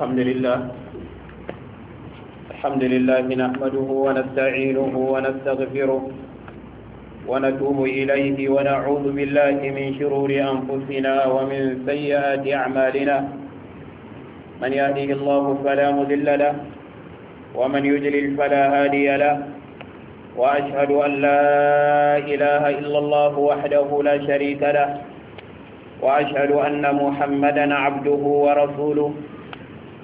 الحمد لله الحمد لله نحمده ونستعينه ونستغفره ونتوب إليه ونعوذ بالله من شرور أنفسنا ومن سيئات أعمالنا من يهده الله فلا مذل له ومن يجلل فلا هادي له وأشهد أن لا إله إلا الله وحده لا شريك له وأشهد أن محمدا عبده ورسوله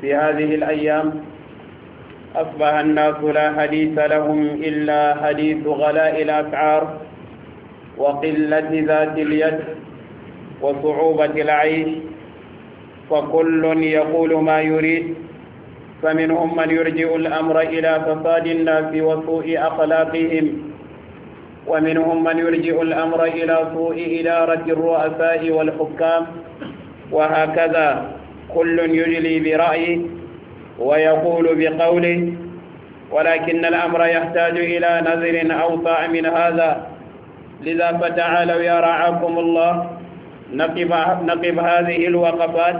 في هذه الأيام أصبح الناس لا حديث لهم إلا حديث غلاء الأسعار وقلة ذات اليد وصعوبة العيش فكل يقول ما يريد فمنهم من يرجئ الأمر إلى فساد الناس وسوء أخلاقهم ومنهم من يرجئ الأمر إلى سوء إدارة الرؤساء والحكام وهكذا كل يجلي برأيه ويقول بقوله ولكن الأمر يحتاج إلى نذر أوطى من هذا لذا فتعالوا يا رعاكم الله نقف, نقف هذه الوقفات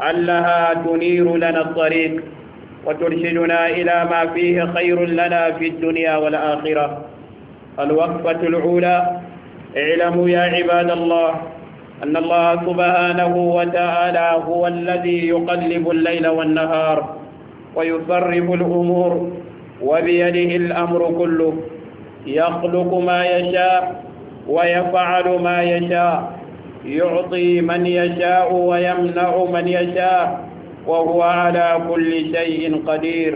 علها تنير لنا الطريق وترشدنا إلى ما فيه خير لنا في الدنيا والآخرة الوقفة الأولى اعلموا يا عباد الله أن الله سبحانه وتعالى هو الذي يقلب الليل والنهار ويصرف الأمور وبيده الأمر كله يخلق ما يشاء ويفعل ما يشاء يعطي من يشاء ويمنع من يشاء وهو على كل شيء قدير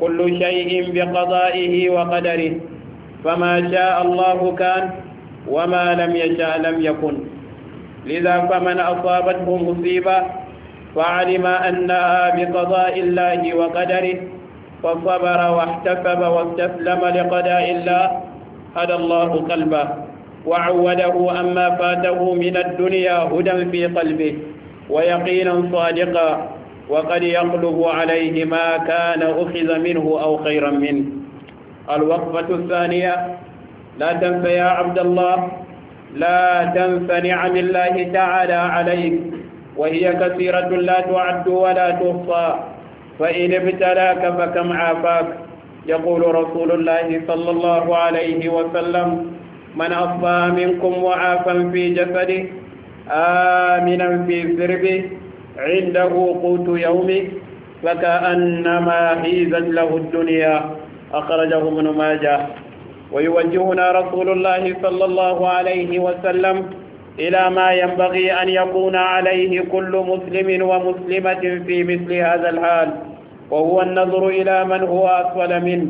كل شيء بقضائه وقدره فما شاء الله كان وما لم يشاء لم يكن لذا فمن أصابته مصيبة فعلم أنها بقضاء الله وقدره فصبر واحتسب واستسلم لقضاء الله هدى الله قلبه وعوده أما فاته من الدنيا هدى في قلبه ويقينا صادقا وقد يقلب عليه ما كان أخذ منه أو خيرا منه الوقفة الثانية لا تنس يا عبد الله لا تنس نعم الله تعالى عليك وهي كثيرة لا تعد ولا تحصى فإن ابتلاك فكم عافاك يقول رسول الله صلى الله عليه وسلم من أصبى منكم وعافا في جسده آمنا في سربه عنده قوت يومه فكأنما هيزت له الدنيا أخرجه ابن ماجه ويوجهنا رسول الله صلى الله عليه وسلم إلى ما ينبغي أن يكون عليه كل مسلم ومسلمة في مثل هذا الحال وهو النظر إلى من هو أسفل منه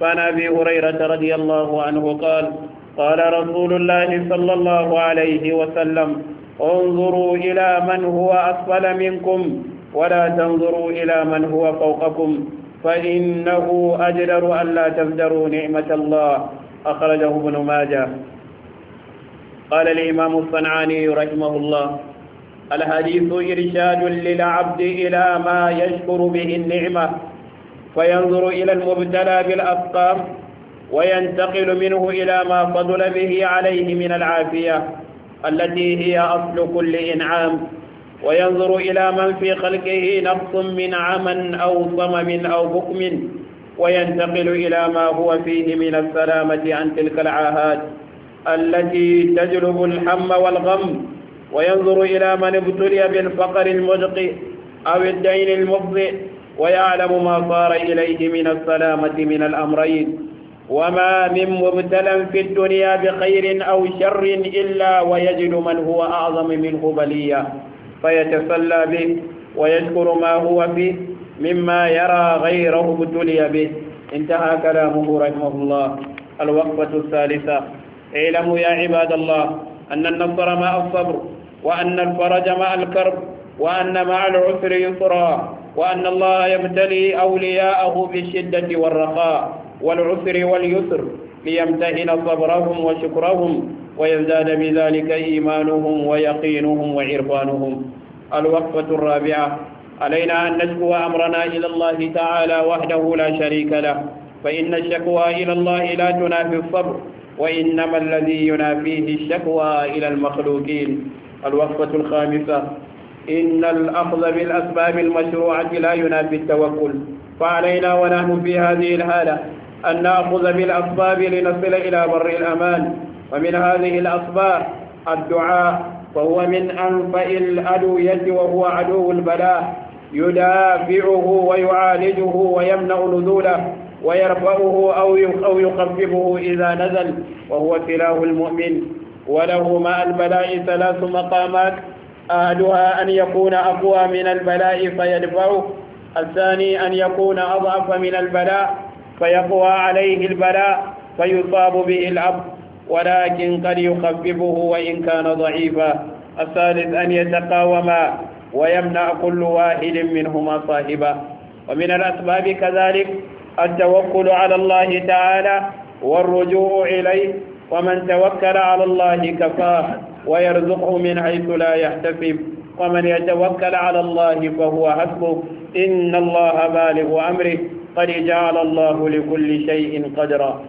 فعن أبي هريرة رضي الله عنه قال قال رسول الله صلى الله عليه وسلم انظروا إلى من هو أسفل منكم ولا تنظروا إلى من هو فوقكم فإنه أجدر ألا تفدروا نعمة الله أخرجه ابن ماجه قال الإمام الصنعاني رحمه الله الحديث إرشاد للعبد إلى ما يشكر به النعمة فينظر إلى المبتلى بالأسقام وينتقل منه إلى ما فضل به عليه من العافية التي هي أصل كل إنعام وينظر إلى من في خلقه نقص من عمى أو صمم أو بكم وينتقل إلى ما هو فيه من السلامة عن تلك العاهات التي تجلب الحم والغم وينظر إلى من ابتلي بالفقر المدق أو الدين المفضئ ويعلم ما صار إليه من السلامة من الأمرين وما من مبتلى في الدنيا بخير أو شر إلا ويجد من هو أعظم منه بلية فيتسلى به ويذكر ما هو فيه مما يرى غيره ابتلي به انتهى كلامه رحمه الله الوقفة الثالثة اعلموا يا عباد الله أن النصر مع الصبر وأن الفرج مع الكرب وأن مع العسر يسرا وأن الله يبتلي أولياءه بالشدة والرخاء والعسر واليسر ليمتهن صبرهم وشكرهم ويزداد بذلك إيمانهم ويقينهم وعرفانهم الوقفة الرابعة علينا أن نشكو أمرنا إلى الله تعالى وحده لا شريك له فإن الشكوى إلى الله لا تنافي الصبر وإنما الذي ينافيه الشكوى إلى المخلوقين الوقفة الخامسة إن الأخذ بالأسباب المشروعة لا ينافي التوكل فعلينا ونحن في هذه الحالة أن نأخذ بالأسباب لنصل إلى بر الأمان ومن هذه الأسباب الدعاء وهو من أنفئ الأدوية وهو عدو البلاء يدافعه ويعالجه ويمنع نزوله ويرفعه أو يخففه إذا نزل وهو سلاح المؤمن وله مع البلاء ثلاث مقامات أهدها أن يكون أقوى من البلاء فيدفعه الثاني أن يكون أضعف من البلاء فيقوى عليه البلاء فيصاب به العبد ولكن قد يخففه وإن كان ضعيفا الثالث أن يتقاوما ويمنع كل واحد منهما صاحبه ومن الأسباب كذلك التوكل على الله تعالى والرجوع إليه ومن توكل على الله كفاه ويرزقه من حيث لا يحتسب ومن يتوكل على الله فهو حسبه إن الله بالغ أمره قد جعل الله لكل شيء قدرا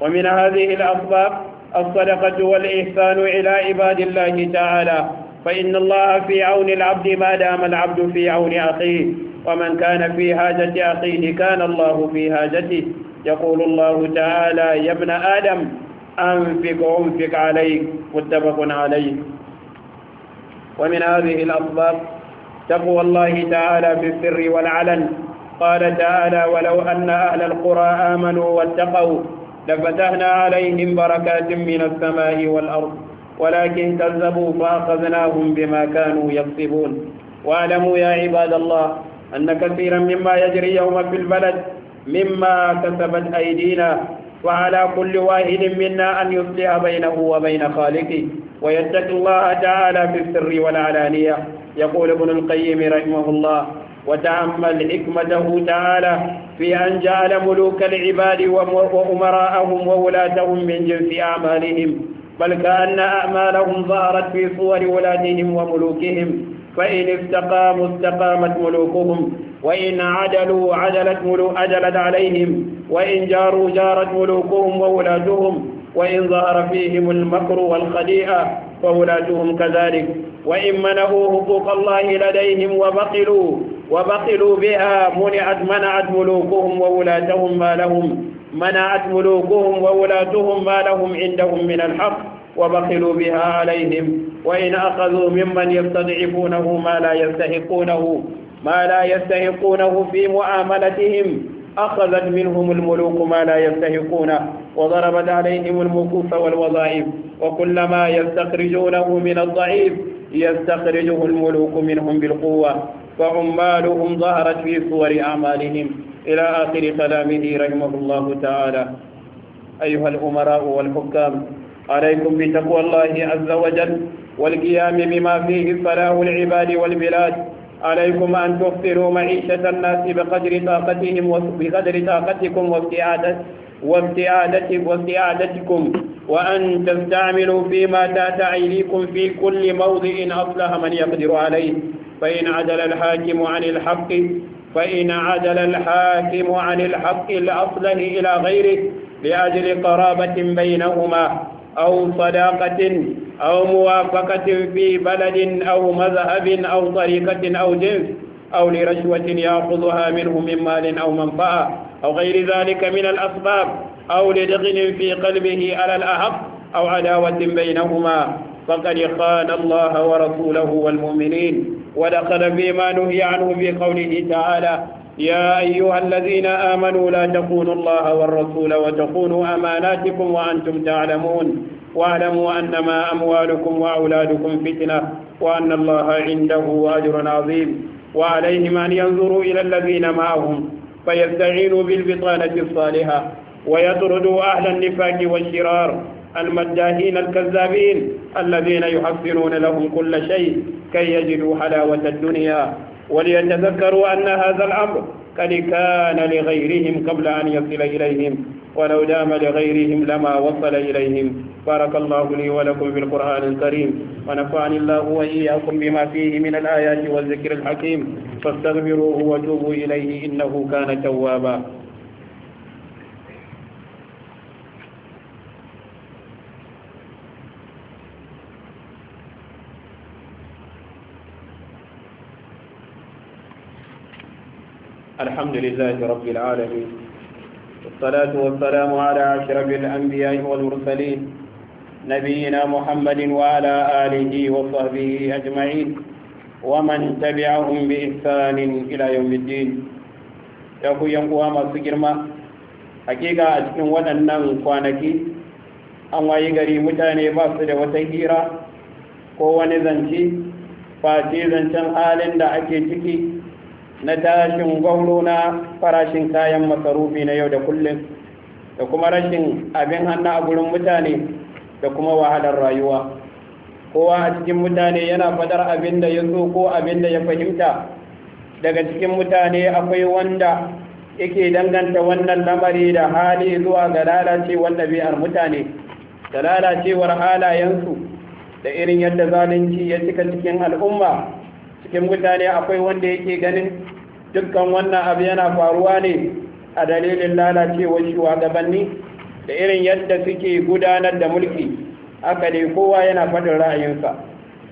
ومن هذه الأسباب الصدقة والإحسان إلى عباد الله تعالى فإن الله في عون العبد ما دام العبد في عون أخيه ومن كان في حاجة أخيه كان الله في حاجته يقول الله تعالى يا ابن آدم أنفق أنفق عليك متفق عليه ومن هذه الأسباب تقوى الله تعالى في السر والعلن قال تعالى ولو أن أهل القرى آمنوا واتقوا لفتحنا عليهم بركات من السماء والأرض ولكن كذبوا فأخذناهم بما كانوا يكسبون واعلموا يا عباد الله أن كثيرا مما يجري يوم في البلد مما كسبت أيدينا وعلى كل واحد منا أن يصلح بينه وبين خالقه ويتقي الله تعالى في السر والعلانية يقول ابن القيم رحمه الله وتأمل حكمته تعالى في أن جعل ملوك العباد وأمراءهم وولاتهم من جنس أعمالهم بل كأن أعمالهم ظهرت في صور ولاتهم وملوكهم فإن استقاموا استقامت ملوكهم وإن عدلوا عدلت ملو أجلت عليهم وإن جاروا جارت ملوكهم وولاتهم وإن ظهر فيهم المكر والخديئة فولاتهم كذلك وإن منعوا حقوق الله لديهم وبطلوا وبطلوا بها منعت منعت ملوكهم وولاتهم ما لهم منعت ملوكهم وولاتهم ما لهم عندهم من الحق وبخلوا بها عليهم وإن أخذوا ممن يستضعفونه ما لا يستحقونه ما لا يستحقونه في معاملتهم أخذت منهم الملوك ما لا يستهقون وضربت عليهم المكوف والوظائف وكلما يستخرجونه من الضعيف يستخرجه الملوك منهم بالقوة فعمالهم ظهرت في صور أعمالهم إلى آخر كلامه رحمه الله تعالى أيها الأمراء والحكام عليكم بتقوى الله عز وجل والقيام بما فيه صلاح العباد والبلاد عليكم أن تحسنوا معيشة الناس بقدر طاقتهم وبقدر طاقتكم واستعادة واستعادتكم وأن تستعملوا فيما تأتى أيديكم في كل موضع أصلح من يقدر عليه فإن عدل الحاكم عن الحق فإن عدل الحاكم عن الحق لأصله إلى غيره لأجل قرابة بينهما أو صداقة أو موافقة في بلد أو مذهب أو طريقة أو جنس أو لرشوة يأخذها منه من مال أو منفعة أو غير ذلك من الأسباب أو لدغن في قلبه على الأحق أو عداوة بينهما فقد خان الله ورسوله والمؤمنين ودخل فيما نهي عنه في قوله تعالى يا أيها الذين آمنوا لا تخونوا الله والرسول وتخونوا أماناتكم وأنتم تعلمون واعلموا أنما أموالكم وأولادكم فتنة وأن الله عنده أجر عظيم وعليهم أن ينظروا إلى الذين معهم فيستعينوا بالبطانة الصالحة ويطردوا أهل النفاق والشرار المداهين الكذابين الذين يحصلون لهم كل شيء كي يجدوا حلاوة الدنيا وليتذكروا أن هذا الأمر قد كان لغيرهم قبل أن يصل إليهم ولو دام لغيرهم لما وصل إليهم بارك الله لي ولكم في القرآن الكريم ونفعني الله وإياكم بما فيه من الآيات والذكر الحكيم فاستغفروه وتوبوا إليه إنه كان توابا الحمد لله رب العالمين والصلاة والسلام على أشرف الأنبياء والمرسلين نبينا محمد وعلى آله وصحبه أجمعين ومن تبعهم بإحسان إلى يوم الدين يقول ينقوها ما سجرما حقيقة أجن ودنا kwanaki أما يقري gari mutane وتهيرا su da wata hira ko wani zance face zancen halin da ake ciki na tashin gwauro na farashin kayan masarufi na yau da kullum da kuma rashin abin hannu a gurin mutane da kuma wahalar rayuwa kowa a cikin mutane yana fadar abin da ya so ko abin da ya fahimta daga cikin mutane akwai wanda yake danganta wannan lamari da hali zuwa ga lalacewar ɗabi'ar mutane da lalacewar halayensu da irin yadda zalunci ya cika cikin al'umma cikin mutane akwai wanda yake ganin dukkan wannan abu yana faruwa ne a dalilin lalacewar shugabanni da irin yadda suke gudanar da mulki haka ne kowa yana faɗin ra'ayinsa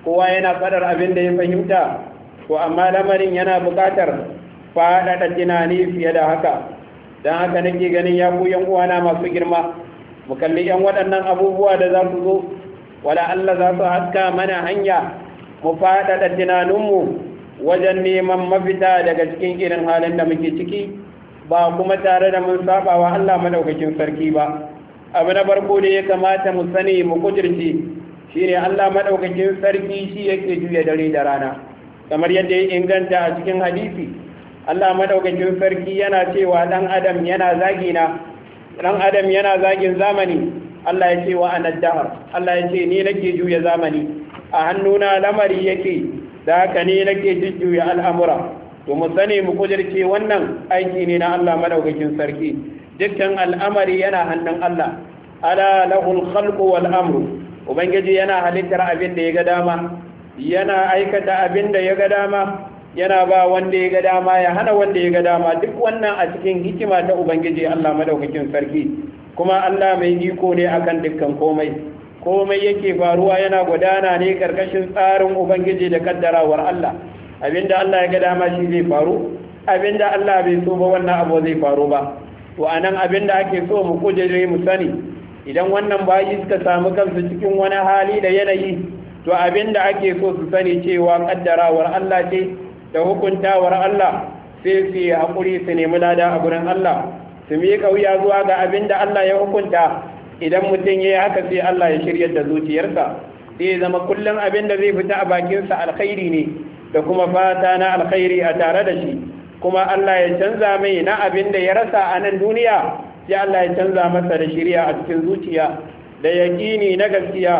kowa yana faɗar abin da ya fahimta ko amma lamarin yana buƙatar faɗaɗa tunani fiye da haka don haka nake ganin ya ku yan uwana masu girma mu kalli yan waɗannan abubuwa da za su zo wala Allah za su haska mana hanya mu faɗaɗa tunaninmu wajen neman mafita daga cikin irin halin da muke ciki ba kuma tare da mun saba wa Allah madaukakin sarki ba abu na farko da ya kamata mu sani mu kudirce ne Allah madaukakin sarki shi yake juya dare da rana kamar yadda ya inganta a cikin hadisi Allah madaukakin sarki yana cewa dan adam yana na dan adam yana zagin zamani Allah ya ce wa anad Allah ya ce ni nake juya zamani a hannuna lamari yake da haka ne nake jujjuya al'amura to mu sani mu kudirce wannan aiki ne na Allah madaukakin sarki dukkan al'amari yana hannun Allah ala lahul khalqu wal amru ubangiji yana halittar abin da ya ga dama yana aikata abin da ya ga dama yana ba wanda ya ga dama ya hana wanda ya ga dama duk wannan a cikin hikima ta ubangiji Allah madaukakin sarki kuma Allah mai iko ne akan dukkan komai komai yake faruwa yana gudana ne karkashin tsarin ubangiji da kaddarawar Allah abinda Allah ya ga dama shi zai faru abinda Allah bai so ba wannan abu zai faru ba to anan abinda ake so mu kujere mu sani idan wannan bayi suka samu kansu cikin wani hali da yanayi to abinda ake so su sani cewa kaddarawar Allah ce da hukuntawar Allah sai su yi haƙuri su nemi lada a gurin Allah su miƙa wuya zuwa ga abinda Allah ya hukunta idan mutum ya yi haka sai Allah ya shirya da zuciyarsa sai zama kullum abin da zai fita a bakinsa alkhairi ne da kuma fata na alkhairi a tare da shi kuma Allah ya canza mai na abin da ya rasa a nan duniya sai Allah ya canza masa da shirya a cikin zuciya da yaƙini na gaskiya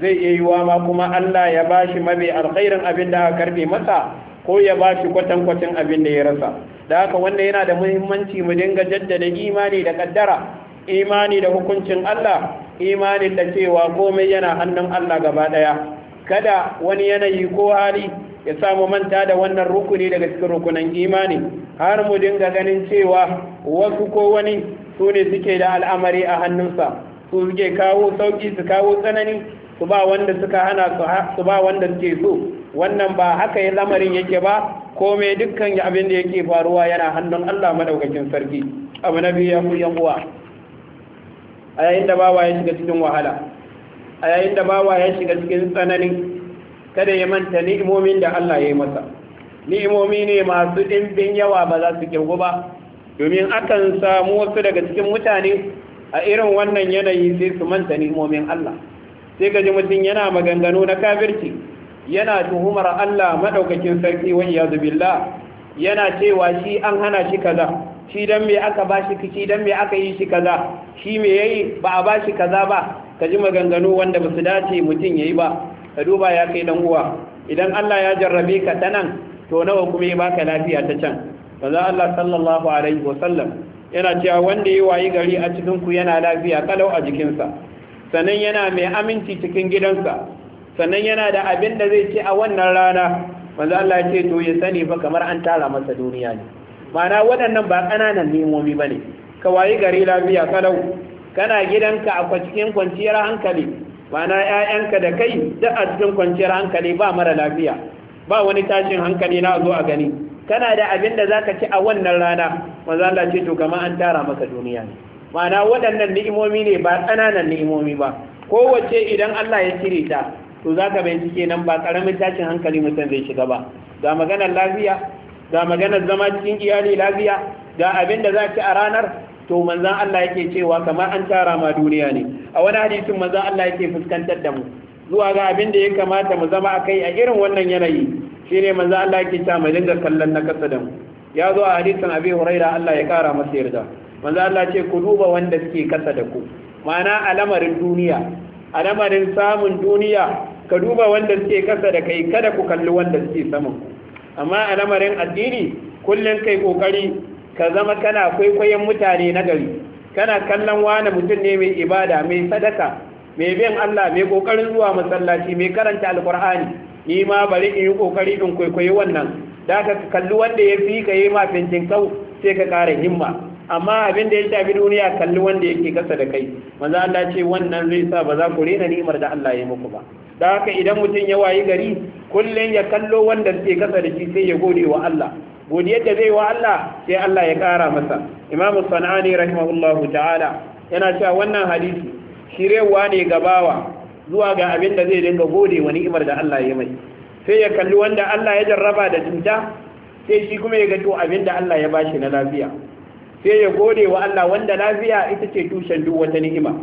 zai iya yiwa ma kuma Allah ya bashi mabe alkhairin abin da aka karbe masa ko ya ba shi kwatankwacin abin da ya rasa da haka wanda yana da muhimmanci mu dinga jaddada imani da kaddara imani da hukuncin Allah imani da cewa komai yana hannun Allah gaba daya kada wani yanayi ko hali ya samu manta da wannan rukuni daga cikin rukunan imani har mu dinga ganin cewa wasu ko wani su ne suke da al'amari a hannunsa su suke kawo sauki su kawo tsanani su ba wanda suka hana su ba wanda suke so wannan ba haka ya lamarin yake ba komai dukkan abin da yake faruwa yana hannun Allah madaukakin sarki abu na biyu yan uwa a yayin da bawa ya shiga cikin wahala a yayin da bawa ya shiga cikin tsanani kada ya manta ni'imomin da Allah ya yi masa ni'imomi ne masu ɗimbin yawa ba za su kirgu ba domin akan samu wasu daga cikin mutane a irin wannan yanayi sai su manta ni'imomin Allah sai gaji mutum yana maganganu na kafirci yana tuhumar Allah madaukakin sarki wa iyazu billah yana cewa shi an hana shi kaza shi dan me aka bashi shi dan me aka yi shi kaza shi me yayi ba a ba shi kaza ba ka ji maganganu wanda ba su dace mutum ya yi ba ka duba ya kai dan uwa idan Allah ya jarrabe ka ta nan to nawa kuma ya baka lafiya ta can manzo Allah sallallahu alaihi wasallam yana cewa wanda ya wayi gari a cikin ku yana lafiya kalau a jikinsa sannan yana mai aminci cikin gidansa sannan yana da abin da zai ci a wannan rana manzo Allah ya ce to ya sani ba kamar an tara masa duniya ne mana waɗannan ba ƙananan nemomi ba ne ka wayi gari lafiya kalau kana gidanka a cikin kwanciyar hankali mana 'ya'yanka da kai da a cikin kwanciyar hankali ba mara lafiya ba wani tashin hankali na zo a gani kana da abin da ka ci a wannan rana manzo ce to gama an tara maka duniya ne mana waɗannan ni'imomi ne ba ƙananan ni'imomi ba kowace idan Allah ya cire ta to za ka bai cike nan ba ƙaramin tashin hankali mutum zai shiga ba ga maganar lafiya ga maganar zama cikin iyali lafiya ga abin da za ki a ranar to manzan Allah yake cewa kamar an tara ma duniya ne a wani hadisin manzan Allah yake fuskantar da mu zuwa ga abin da ya kamata mu zama akai a irin wannan yanayi shine manzan Allah yake cewa mu dinga kallon na kasa da mu ya zo a hadisin Abi Hurairah Allah ya kara masa yarda manzan Allah ce ku duba wanda suke kasa da ku ma'ana alamarin duniya alamarin samun duniya ka duba wanda suke kasa da kai kada ku kalli wanda suke saman ku amma a lamarin addini kullum kai kokari ka zama kana kwaikwayon mutane na gari kana kallon wani mutum ne mai ibada mai sadaka mai bin Allah mai kokarin zuwa masallaci mai karanta alkur'ani ni ma bari in yi kokari in kwaikwayi wannan da ka kalli wanda ya fi ka yi ma fincin kau sai ka kara himma amma abin da ya shafi duniya kalli wanda yake kasa da kai manzo Allah ce wannan zai sa ba za ku rena ni'imar da Allah ya yi muku ba da haka idan mutum ya wayi gari kullum ya kallo wanda ke kasa da shi sai ya gode wa Allah godiyar da zai wa Allah sai Allah ya kara masa imamu sana'ani rahimahullahu ta'ala yana cewa wannan hadisi shirewa ne gabawa zuwa ga abin da zai dinga gode wa ni'imar da Allah ya mai sai ya kalli wanda Allah ya jarraba da cuta sai shi kuma ya ga abin da Allah ya bashi na lafiya sai ya gode wa Allah wanda lafiya ita ce tushen duk wata ni'ima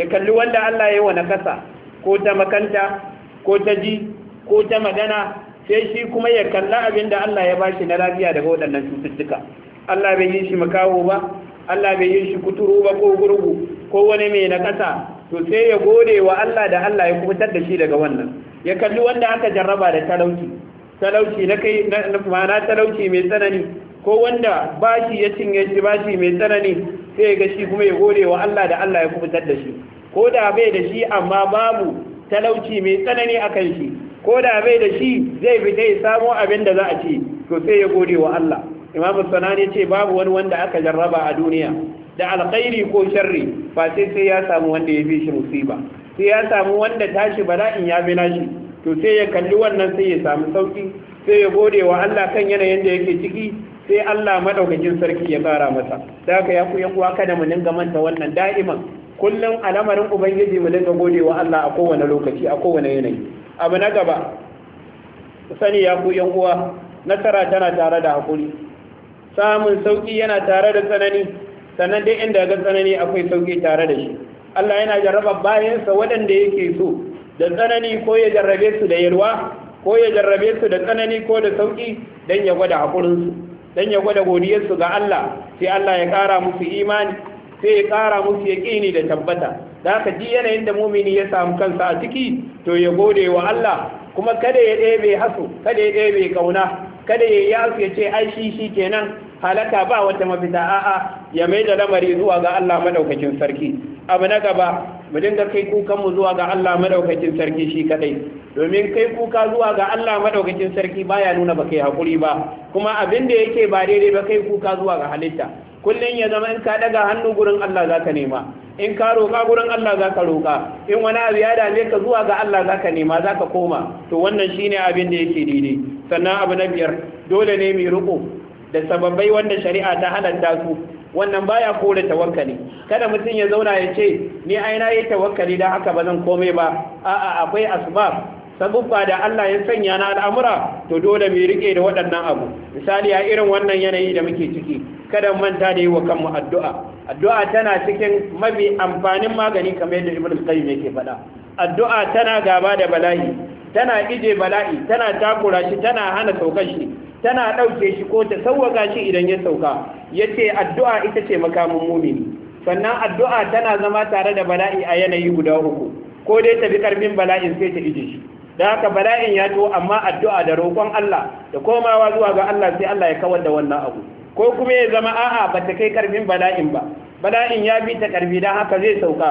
ya kalli wanda Allah ya yi wa nakasa ko ta makanta ko ta ji ko ta magana sai shi kuma ya kalla abin da Allah ya bashi na lafiya daga waɗannan cututtuka Allah bai yi shi makawo ba Allah bai yi shi kuturu ba ko gurgu ko wani mai na ƙasa to sai ya gode wa Allah da Allah ya kubutar da shi daga wannan ya kalli wanda aka jarraba da talauci talauci na kai ma'ana talauci mai tsanani ko wanda bashi ya cinye shi bashi mai tsanani sai ya ga shi kuma ya gode wa Allah da Allah ya kubutar da shi ko da bai da shi amma babu talauci mai tsanani a kan shi ko da bai da shi zai fi ya samo abin da za a ce to sai ya gode wa Allah imam sanani ce babu wani wanda aka jarraba a duniya da alkhairi ko sharri ba sai sai ya samu wanda ya fi shi musiba sai ya samu wanda tashi bala'in ya bi nashi to sai ya kalli wannan sai ya samu sauki sai ya gode wa Allah kan yanayin da yake ciki sai Allah madaukakin sarki ya kara masa da haka ya ku yan uwa kada mu ninga manta wannan da'iman kullum a lamarin ubangiji mu daga gode wa Allah a kowane lokaci a kowane yanayi abu na gaba sani ya ku uwa nasara tana tare da hakuri samun sauki yana tare da tsanani sannan dai inda ga tsanani akwai sauki tare da shi Allah yana jarraba bayansa waɗanda yake so da tsanani ko ya jarrabe su da yalwa ko ya jarrabe su da tsanani ko da sauƙi, don ya gwada haƙurinsu don ya gwada godiyarsu ga Allah sai Allah ya ƙara musu imani sai ya kara musu yaƙini da tabbata da ka ji yanayin da mumini ya samu kansa a ciki to ya gode wa Allah kuma kada ya ɗebe hasu kada ya ɗebe Ƙauna, kada ya yi hasu ya ce ai shi shi kenan halaka ba wata mafita a'a ya mai da lamari zuwa ga Allah madaukakin sarki abu na gaba mu dinga kai kukan mu zuwa ga Allah madaukakin sarki shi kadai domin kai kuka zuwa ga Allah madaukakin sarki baya nuna baka yi hakuri ba kuma abin da yake ba daidai ba kai kuka zuwa ga halitta kullun ya zama in ka daga hannu gurin Allah zaka nema in ka roƙa gurin Allah zaka roƙa in wani abu ya dame ka zuwa ga Allah zaka nema zaka koma to wannan shine abin da yake daidai sannan abu na biyar dole ne mu riko da sababbai wanda shari'a ta halatta su wannan baya kore tawakkali kada mutum ya zauna ya ce ni aina na yi tawakkali dan haka ba zan komai ba a'a akwai asbab sabubba da Allah ya sanya na al'amura to dole mu rike da waɗannan abu misali a irin wannan yanayi da muke ciki kada mu manta da yi wa kanmu addu'a addu'a tana cikin mabi amfanin magani kamar yadda Ibn Qayyim yake faɗa addu'a tana gaba da bala'i tana ije bala'i tana takura shi tana hana saukar shi tana ɗauke shi ko ta sauwaka shi idan ya sauka ya ce addu'a ita ce makamin mumini sannan addu'a tana zama tare da bala'i a yanayi guda uku ko dai tafi bi ƙarfin bala'in sai ta ije shi da haka bala'in ya to amma addu'a da roƙon Allah da komawa zuwa ga Allah sai Allah ya kawar da wannan abu ko kuma ya zama a'a ba ta kai ƙarfin bala'in ba bala'in ya bi ta ƙarfi don haka zai sauka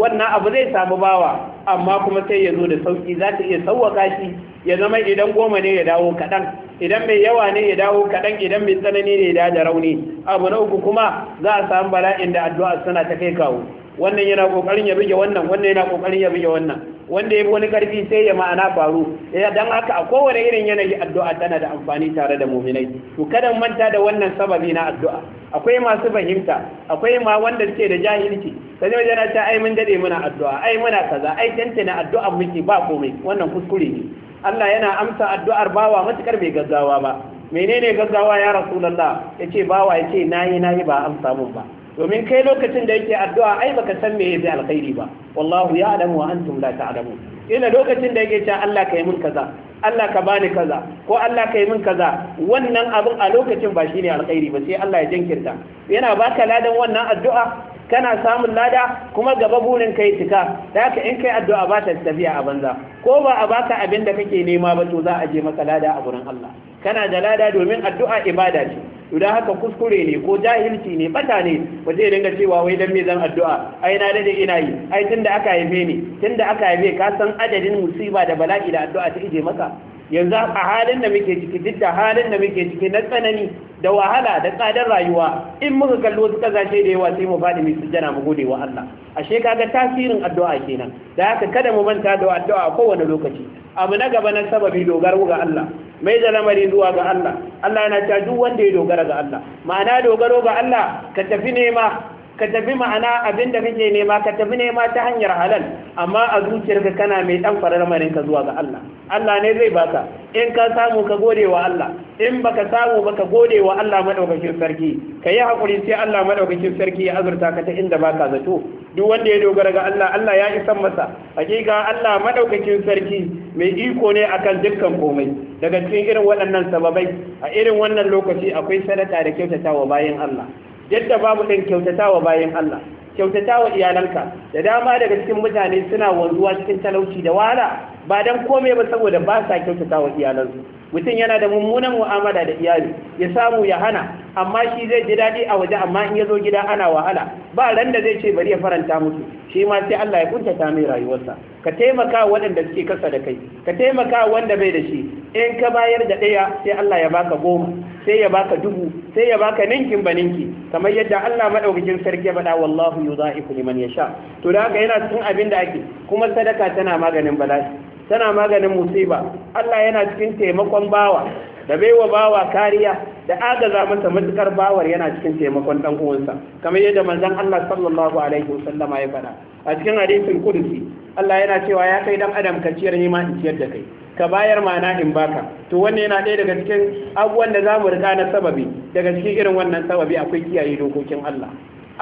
wannan abu zai samu bawa amma kuma sai ya zo da sauƙi za ta iya sauwaka shi ya zama idan goma ne ya dawo kaɗan idan mai yawa ne ya dawo kaɗan idan mai tsanani ne ya da rauni abu na uku kuma za a samu bala'in da addu'a suna ta kai kawo wannan yana kokarin ya bige wannan wannan yana kokarin ya bige wannan wanda ya wani karfi sai ya ma'ana faru ya dan haka a kowane irin yanayi addu'a tana da amfani tare da muminai to kada manta da wannan sababi na addu'a akwai masu fahimta akwai ma wanda suke da jahilci kaje wajen ta ai mun dade muna addu'a ai muna kaza ai tantana addu'a muke ba komai wannan kuskure ne Allah yana amsa addu'ar bawa matukar mai gaggawa ba menene gaggawa ya rasulullah yace bawa yace na yi ba amsa mun ba domin kai lokacin da yake addu'a ai baka san me zai alkhairi ba wallahu ya'lamu wa antum la ta'lamun ina lokacin da yake cewa Allah ka yi min kaza Allah ka bani kaza ko Allah ka yi min kaza wannan abin a lokacin ba ne alkhairi ba sai Allah ya jinkirta yana baka ladan wannan addu'a kana samun lada kuma gaba burin kai tika da haka in kai addu'a ba ta tafiya a banza ko ba a baka abin da kake nema ba to za a je maka lada a wurin Allah kana da lada domin addu'a ibada ce to dan haka kuskure ne ko jahilci ne bata ne ba zai dinga cewa wai dan me zan addu'a ai na dade ina yi ai tunda aka haife ni tunda aka haife ka san adadin musiba da bala'i da addu'a ta ije maka yanzu a halin da muke ciki duk da halin da muke ciki na tsanani da wahala da tsadar rayuwa in muka kallo wasu kasashe da yawa sai mu faɗi mai sujjana mu gode wa Allah ashe kaga tasirin addu'a kenan da haka kada mu manta da addu'a a kowane lokaci abu na gaba na sababi dogaro ga Allah mai da lamarin zuwa ga Allah Allah yana ta duk wanda ya dogara ga Allah ma'ana dogaro ga Allah ka tafi nema ka tafi ma'ana abin da kake nema ka tafi nema ta hanyar halal amma a zuciyarka kana mai dan fararmarin ka zuwa ga Allah Allah ne zai baka in ka samu ka gode wa Allah in baka samu ba ka gode wa Allah madaukakin sarki ka yi hakuri sai Allah madaukakin sarki ya azurta ka ta inda baka zato duk wanda ya dogara ga Allah Allah ya isan masa hakika Allah madaukakin sarki mai iko ne akan dukkan komai daga cikin irin waɗannan sababai a irin wannan lokaci akwai sadaka da kyautatawa bayan Allah yadda babu ɗan kyautatawa bayan Allah kyautata wa iyalanka da dama daga cikin mutane suna wanzuwa cikin talauci da wahala ba don komai ba saboda ba sa kyautatawa iyalansu mutum yana da mummunan mu'amala da iyali ya samu ya hana amma shi zai ji daɗi a waje amma in ya zo gida ana wahala ba ran da zai ce bari ya faranta musu shi ma sai Allah ya ta mai rayuwarsa ka taimaka waɗanda suke kasa da kai ka taimaka wanda bai da shi in ka bayar da ɗaya sai Allah ya baka goma sai ya baka dubu sai ya baka ninkin ba ninki kamar yadda Allah madaukakin sarki ya faɗa wallahu yudha'ifu liman yasha to da haka yana cikin abin da ake kuma sadaka tana maganin bala'i tana maganin musiba Allah yana cikin taimakon bawa da baiwa bawa kariya da agaza masa matukar bawar yana cikin taimakon dan uwansa kamar yadda manzon Allah sallallahu alaihi wasallama ya faɗa a cikin hadisin kudusi Allah yana cewa ya kai dan adam ka ciyar ni ma in ciyar da kai ka bayar mana in baka to wannan yana ɗaya daga cikin abubuwan da zamu rika na sababi daga cikin irin wannan sababi akwai kiyaye dokokin Allah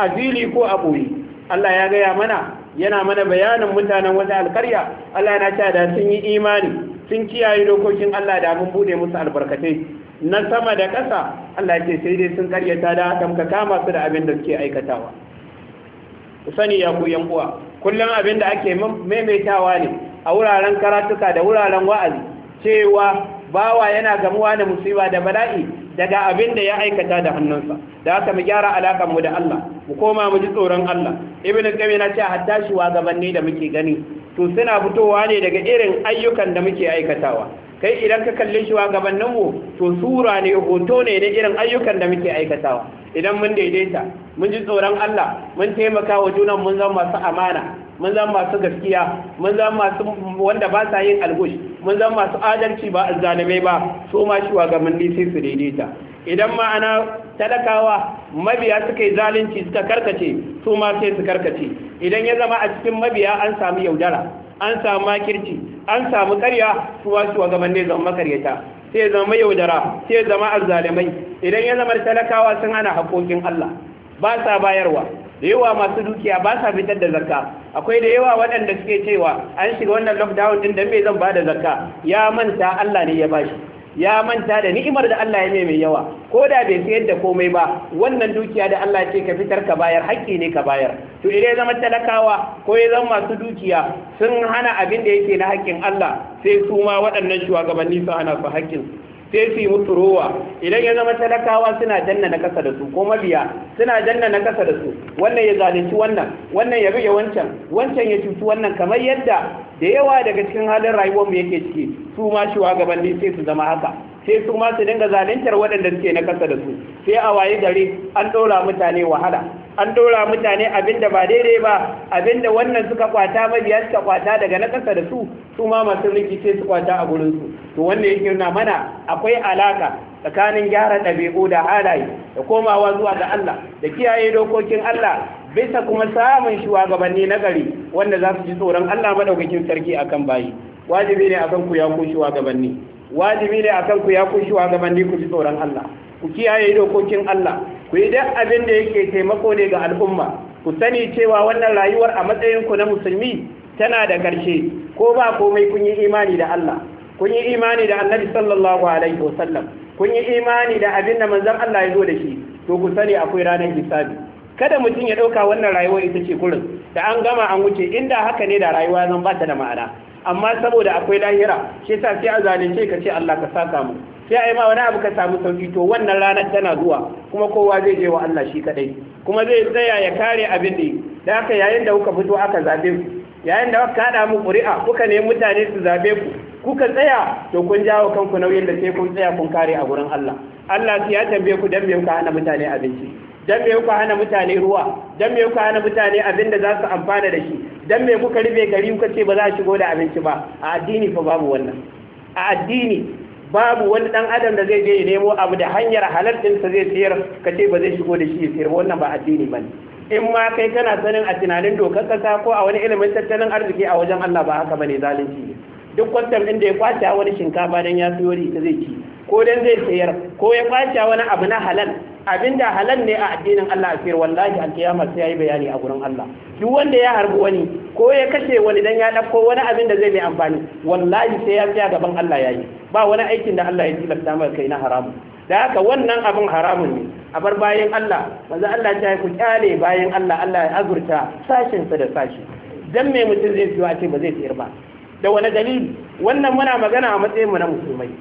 azili ko aboyi Allah ya gaya mana yana mana bayanin mutanen wata alkarya Allah na ta da sun yi imani sun kiyaye dokokin Allah da mun bude musu albarkatai na sama da ƙasa Allah ce sai dai sun karyata da tamka kama su da abin da suke aikatawa ku sani ya ku yan uwa kullum abin da ake maimaitawa ne a wuraren karatuka da wuraren wa'azi cewa bawa yana gamuwa da musiba da bala'i daga abin da ya aikata da hannunsa da haka mu gyara alaƙanmu mu da Allah mu koma mu ji tsoron Allah ibn qayyim yana cewa hatta shi wa gabanni da muke gani to suna fitowa ne daga irin ayyukan da muke aikatawa kai idan ka kalli shi wa mu to sura ne hoto ne na irin ayyukan da muke aikatawa idan mun daidaita mun ji tsoron Allah mun taimaka wa junan mun zama masu amana mun zama masu gaskiya mun zama masu wanda ba sa yin algush mun zama masu adalci ba a azzalimai ba su ma shi wa shugabanni sai su daidaita idan ma ana talakawa mabiya suka yi zalunci suka karkace su ma sai su karkace idan ya zama a cikin mabiya an samu yaudara an samu makirci an samu karya su ma ne zama makaryata sai zama yaudara sai zama azzalimai idan ya zama talakawa sun hana haƙoƙin Allah ba sa bayarwa da yawa masu dukiya ba sa fitar da zakka akwai da yawa waɗanda suke cewa an shiga wannan lockdown din dan me zan ba da zakka ya manta Allah ne ya bashi ya manta da ni'imar da Allah ya mai mai yawa ko da bai sayar da komai ba wannan dukiya da Allah ce ka fitar ka bayar hakki ne ka bayar to idan ya zama talakawa ko ya zama masu dukiya sun hana abin da yake na hakkin Allah sai su ma waɗannan shugabanni su hana su haƙƙinsu sai su yi rowa idan ya zama talakawa suna danna na kasa da su ko mabiya suna danna na kasa da su wannan ya zalunci wannan wannan ya rage wancan wancan ya cuci wannan kamar yadda da yawa daga cikin halin rayuwar mu yake ciki su ma shugabanni sai su zama haka sai su ma su dinga zaluntar waɗanda suke na kasa da su sai a waye gari an ɗora mutane wahala an ɗora mutane abinda ba daidai ba abinda wannan suka kwata mabiya suka kwata daga na kasa da su su ma masu rikici sai su kwata a gurin su to wanda yake nuna mana akwai alaka tsakanin gyara ɗabi'u da halaye da komawa zuwa ga Allah da kiyaye dokokin Allah bisa kuma samun shugabanni na gari wanda za su ji tsoron Allah madaukakin sarki akan bayi wajibi ne akan ku ya ku shugabanni wajibi ne akan ku ya kushi wa gaban ku ji tsoron Allah ku kiyaye dokokin Allah ku yi duk abin da yake taimako ne ga al'umma ku sani cewa wannan rayuwar a matsayin ku na musulmi tana da ƙarshe ko ba komai kun yi imani da Allah kun yi imani da Annabi sallallahu alaihi wasallam kun yi imani da abin da manzon Allah ya zo da shi to ku sani akwai ranar hisabi kada mutum ya ɗauka wannan rayuwar ita ce kurin da an gama an wuce inda haka ne da rayuwa zan ba ta da ma'ana amma saboda akwai lahira shi sa sai a zalunce ka ce Allah ka saka mu sai a yi ma wani abu ka samu sauki to wannan ranar tana zuwa kuma kowa zai je wa Allah shi kadai kuma zai tsaya ya kare abin da da aka yayin da kuka fito aka zabe ku yayin da kuka hada mu ƙuri'a kuka ne mutane su zabe ku kuka tsaya to kun jawo kanku nauyin da sai kun tsaya kun kare a gurin Allah Allah ya tambaye ku dan me kuka hana mutane abinci dan me kuka hana mutane ruwa dan me kuka hana mutane abin da za su amfana da shi dan me kuka rufe gari kuka ce ba za a shigo da abinci ba a addini fa babu wannan a addini babu wani dan adam da zai je ya nemo abu da hanyar halal din sa zai sayar ka ce ba zai shigo da shi ya sayar wannan ba addini bane in ma kai kana sanin a tunanin dokar kasa ko a wani ilimin tattalin arziki a wajen Allah ba haka bane zalunci ne duk kwastam din da ya kwace wani shinkafa dan ya siyo ta zai ci ko dan zai sayar ko ya kwace wani abu na halal abinda halal ne a addinin Allah asir wallahi kiyama sai yayi bayani a gurin Allah duk wanda ya harbi wani ko ya kashe wani dan ya dauko wani abin da zai mai amfani wallahi sai ya tsaya gaban Allah yayi ba wani aikin da Allah ya tilasta maka kai na haramu da haka wannan abin haramun ne a bar bayan Allah manzo Allah ya ku kyale bayan Allah Allah ya azurta sashin sa da sashi dan me mutum zai fiwa ce ba zai tsira ba da wani dalili wannan muna magana a matsayin mu na musulmai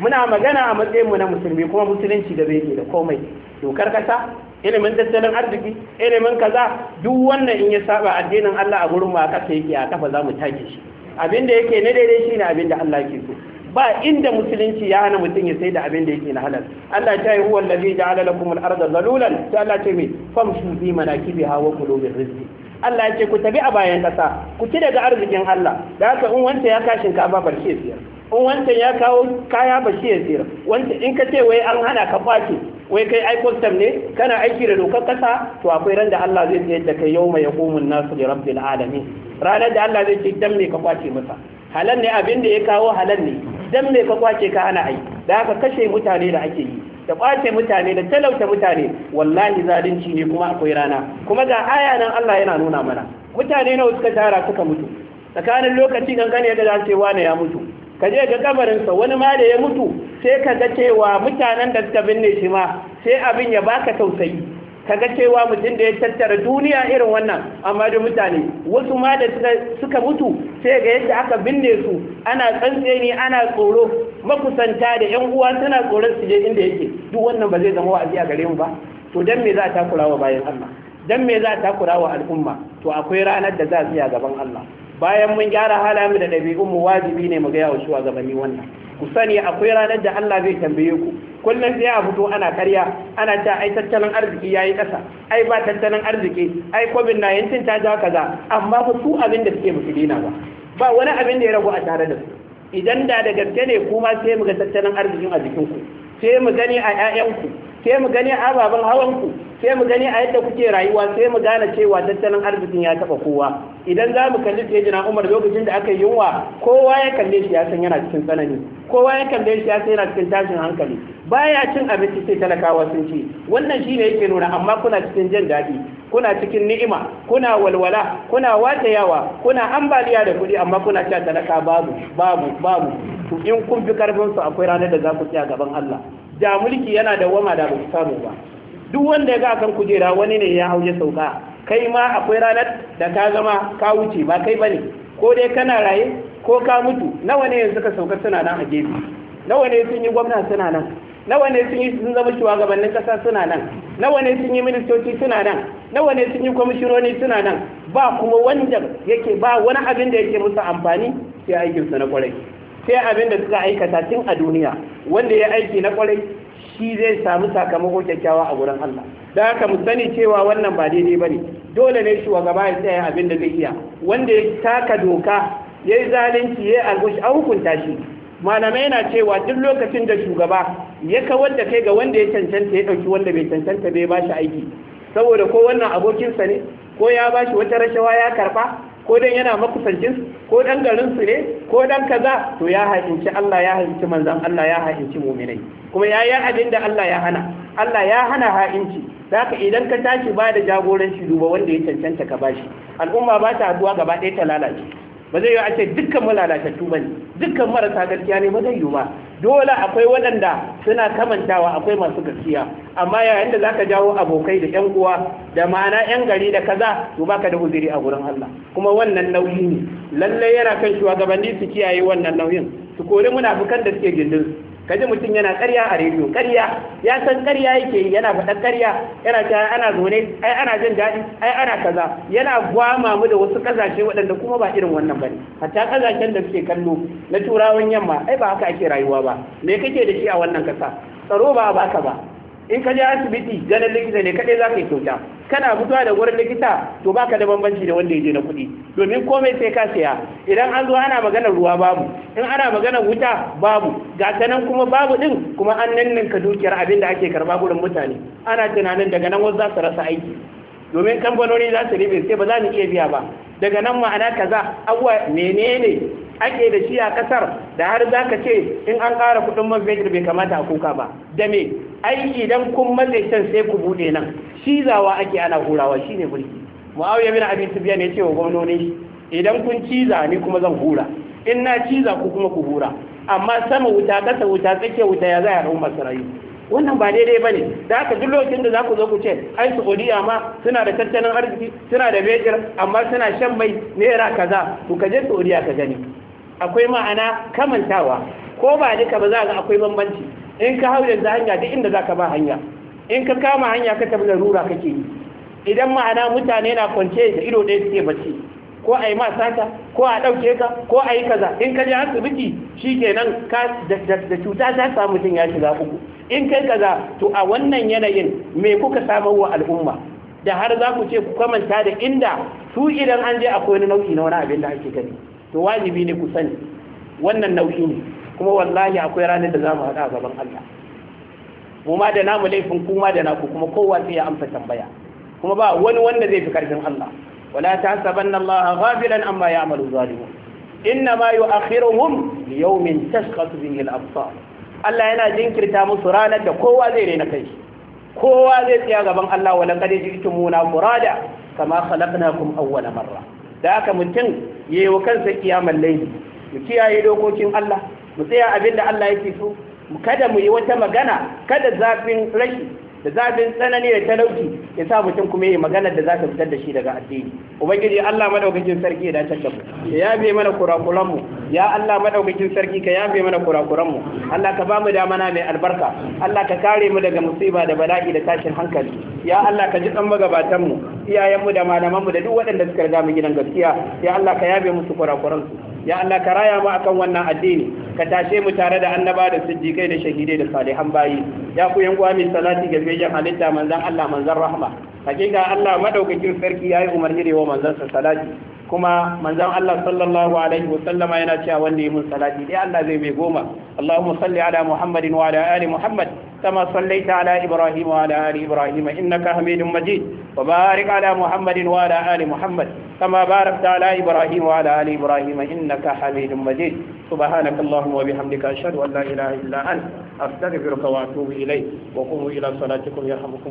muna magana a matsayin mu na musulmi kuma musulunci da bai da komai dokar kasa ilimin tattalin arziki ilimin kaza duk wannan in ya saba addinin Allah a gurin ma kasa yake a kafa zamu take shi abin da yake na daidai shi ne abin da Allah yake so ba inda musulunci ya hana mutum ya sai da abin da yake na halal Allah ta yi huwa allazi ja'ala lakum al-ardha zalulan sai Allah ce me famshu bi manakibiha wa kulu min rizqi Allah ya ce ku tabi a bayan kasa ku ci daga arzikin Allah da haka in wanda ya kashin ka ba barke siyar in wancan ya kawo kaya ba shi ya tsira wancan in ka ce wai an hana ka kwace wai kai ai custom ne kana aiki da dokar kasa to akwai ran da Allah zai tsaye da kai yau mai yaqumun nasu li rabbil alamin ranar da Allah zai ce dan me ka kwace masa halal ne abin da ya kawo halal ne dan me ka kwace ka ana ai da haka kashe mutane da ake yi da kwace mutane da talauta mutane wallahi zalunci ne kuma akwai rana kuma ga aya nan Allah yana nuna mana mutane nawa suka tara suka mutu tsakanin lokaci gangane da za ce wane ya mutu ka je ga kamarinsa wani ma da ya mutu sai ka ga cewa mutanen da suka binne shi ma sai abin ya baka tausayi ka ga cewa mutum da ya tattara duniya irin wannan amma da mutane wasu ma da suka mutu sai ga yadda aka binne su ana tsantseni ana tsoro makusanta da yan uwa suna tsoron su je inda yake duk wannan ba zai zama wa'azi a gare mu ba to dan me za ta wa bayan Allah dan me za ta wa al'umma to akwai ranar da za su yi a gaban Allah bayan mun gyara mu da ɗabi'un mu wajibi ne mu ga yawo shuwa gabani wannan ku sani akwai ranar da Allah zai tambaye ku kullum sai a fito ana karya ana ta ai tattalin arziki yayi ƙasa ai ba tattalin arziki ai covid 19 ta ja kaza amma ku su abin da suke musu dina ba ba wani abin da ya ragu a tare da su idan da da gaske ne kuma sai mu ga tattalin arzikin a jikin ku sai mu gani a 'ya'yanku sai mu gani a ababen hawanku sai mu gani a yadda kuke rayuwa sai mu gane cewa tattalin arzikin ya taba kowa idan za mu kalli jina Umar lokacin da aka yi yunwa kowa ya kalle shi ya san yana cikin tsanani kowa ya kalle shi ya san yana cikin tashin hankali baya cin abinci sai talakawa sun ci wannan shine yake nuna amma kuna cikin jin daɗi kuna cikin ni'ima kuna walwala kuna watayawa kuna ambaliya da kuɗi amma kuna cewa talaka babu babu babu in kun fi karfin su akwai ranar da za ku tsaya gaban Allah da mulki yana da wama da ba ku samu ba duk wanda ya ga kan kujera wani ne ya hauje sauka kai ma akwai ranar da ka zama ka wuce ba kai bane ko dai kana raye ko ka mutu nawa ne yanzu ka sauka suna nan a gefe nawa ne sun yi gwamna suna nan nawa ne sun yi sun zama shugabannin kasa suna nan nawa ne sun yi ministoci suna nan nawa ne sun yi kwamishinoni suna nan ba kuma wanda yake ba wani abin da yake musu amfani sai aikinsu na kwarai sai abin da suka aikata tun a duniya wanda ya aiki na kwarai shi zai samu sakamako kyakkyawa a wurin Allah da haka mu sani cewa wannan ba daidai bane dole ne shugaba ya tsaya abin da zai iya wanda ya taka doka ya yi zalunci ya yi algushi an hukunta shi malamai na cewa duk lokacin da shugaba ya kawar da kai ga wanda ya cancanta ya ɗauki wanda bai cancanta bai ba shi aiki saboda ko wannan abokinsa ne ko ya ba shi wata rashawa ya karɓa ko dan yana makusancin ko dan garin su ne ko dan kaza to ya haƙinci Allah ya haƙinci manzon Allah ya haƙinci mu'minai kuma ya yi abin da Allah ya hana Allah ya hana ha'inci zaka idan ka tashi ba da jagoranci duba wanda ya cancanta ka bashi al'umma ba ta zuwa gaba ɗaya ta lalace ba zai yi a ce dukkan malalatattu ba ne dukkan marasa gaskiya ne ba zai yi ba dole akwai waɗanda suna kamantawa akwai masu gaskiya amma yayin da zaka jawo abokai da ƴan uwa da ma'ana ƴan gari da kaza to baka da uzuri a gurin Allah kuma wannan nauyi ne lalle yana kan shugabanni su kiyaye wannan nauyin su kore munafukan da suke gindin kaji mutum yana ƙarya a rediyo ƙarya ya san ƙarya yake yi yana faɗa ƙarya yana ta ana zaune ai ana jin daɗi ai ana kaza yana gwama mu da wasu ƙasashe waɗanda kuma ba irin wannan bane hatta ƙasashen da suke kallo na turawan yamma ai ba haka ake rayuwa ba me kake da shi a wannan ƙasa tsaro ba baka ba in ka je asibiti ganin likita ne kaɗai za ka yi kyauta kana fitowa da wurin likita to ba ka da bambanci da wanda ya je na kuɗi domin komai sai ka saya idan an zo ana maganar ruwa babu in ana maganar wuta babu ga sanan kuma babu ɗin, kuma an ka dukiyar abin da ake karba gurin mutane ana tunanin daga nan wasu za su rasa aiki domin kamfanoni za su ribe sai ba za mu iya biya ba daga nan ma'ana kaza abuwa menene ake da shi a kasar da har za ka ce in an ƙara kuɗin man fetur bai kamata a kuka ba da me ai idan kun matse can sai ku buɗe nan shi zawa ake ana hurawa shi ne mulki mu'awiya bin abin tubiya ne cewa gwamnoni idan kun ciza ni kuma zan hura in na ciza ku kuma ku hura amma sama wuta kasa wuta tsakiyar wuta ya za al'ummar wannan ba daidai ba ne da aka duk lokacin da za ku zo ku ce ai saudiya amma suna da tattalin arziki suna da bejir amma suna shan mai naira kaza to ka je saudiya ka gani akwai ma'ana kamantawa ko ba duka ba za ga akwai bambanci in ka hau yanzu hanya duk inda za ka ba hanya in ka kama hanya ka tafi rura kake yi idan ma'ana mutane na kwance da ido ɗaya suke bacci ko a yi ma sata ko a ɗauke ka ko a yi kaza in ka je asibiti shi kenan da cuta ta samu mutum ya shiga uku in kai kaza to a wannan yanayin me kuka samar wa al'umma da har za ku ce ku kamanta da inda su idan an je akwai wani nau'i na wani abin da ake gani to wajibi ne ku sani wannan nau'i ne kuma wallahi akwai ranar da za mu haɗa a gaban Allah mu ma da namu laifin kuma da naku kuma kowa sai ya amsa tambaya kuma ba wani wanda zai fi karfin Allah ولا تحسبن الله غافلا عما يعمل الظالمون إنما يؤخرهم ليوم تشخص فيه الأبصار Allah yana jinkirta musu ranar da kowa zai rena kai kowa zai tsaya gaban Allah wa laqad na murada kama khalaqnakum awwala marra da haka mutum yayi wa kansa kiyamar laifi mu kiyaye dokokin Allah mu tsaya abin da Allah yake so kada mu yi wata magana kada zafin rashi da zafin tsanani da talauci ya sa mutum kuma yi magana da za ta fitar da shi daga addini ubangiji Allah madaukakin sarki ya dace da mu ya yabe mana kurakuran mu ya Allah madaukakin sarki ka yabe mana kurakuran mu Allah ka bamu da mana mai albarka Allah ka kare mu daga musiba da bala'i da tashin hankali ya Allah ka ji dan magabatan mu iyayen mu da malaman mu da duk waɗanda suka riga mu gidan gaskiya ya Allah ka yabe musu kurakuran su ya Allah ka raya mu akan wannan addini ka tashe mu tare da annaba da siddiqai da shahidai da salihan bayi ya ku yan salati ga fejan halitta manzon Allah manzon rahma hakika Allah madaukakin sarki yayi umarni da wa manzon sa salati kuma manzon Allah sallallahu alaihi wa sallama yana cewa wanda yi mun salati dai Allah zai mai goma Allahumma salli ala Muhammadin wa ala ali Muhammad kama sallaita ala Ibrahim wa ala ali Ibrahim innaka Hamidum Majid wa barik ala Muhammadin wa ala ali Muhammad kama barakta ala Ibrahim wa ala ali Ibrahim innaka Hamidum Majid subhanaka Allahumma wa bihamdika ashhadu an la ilaha illa anta astaghfiruka wa atubu ilayk wa qumu ila salatikum yarhamukum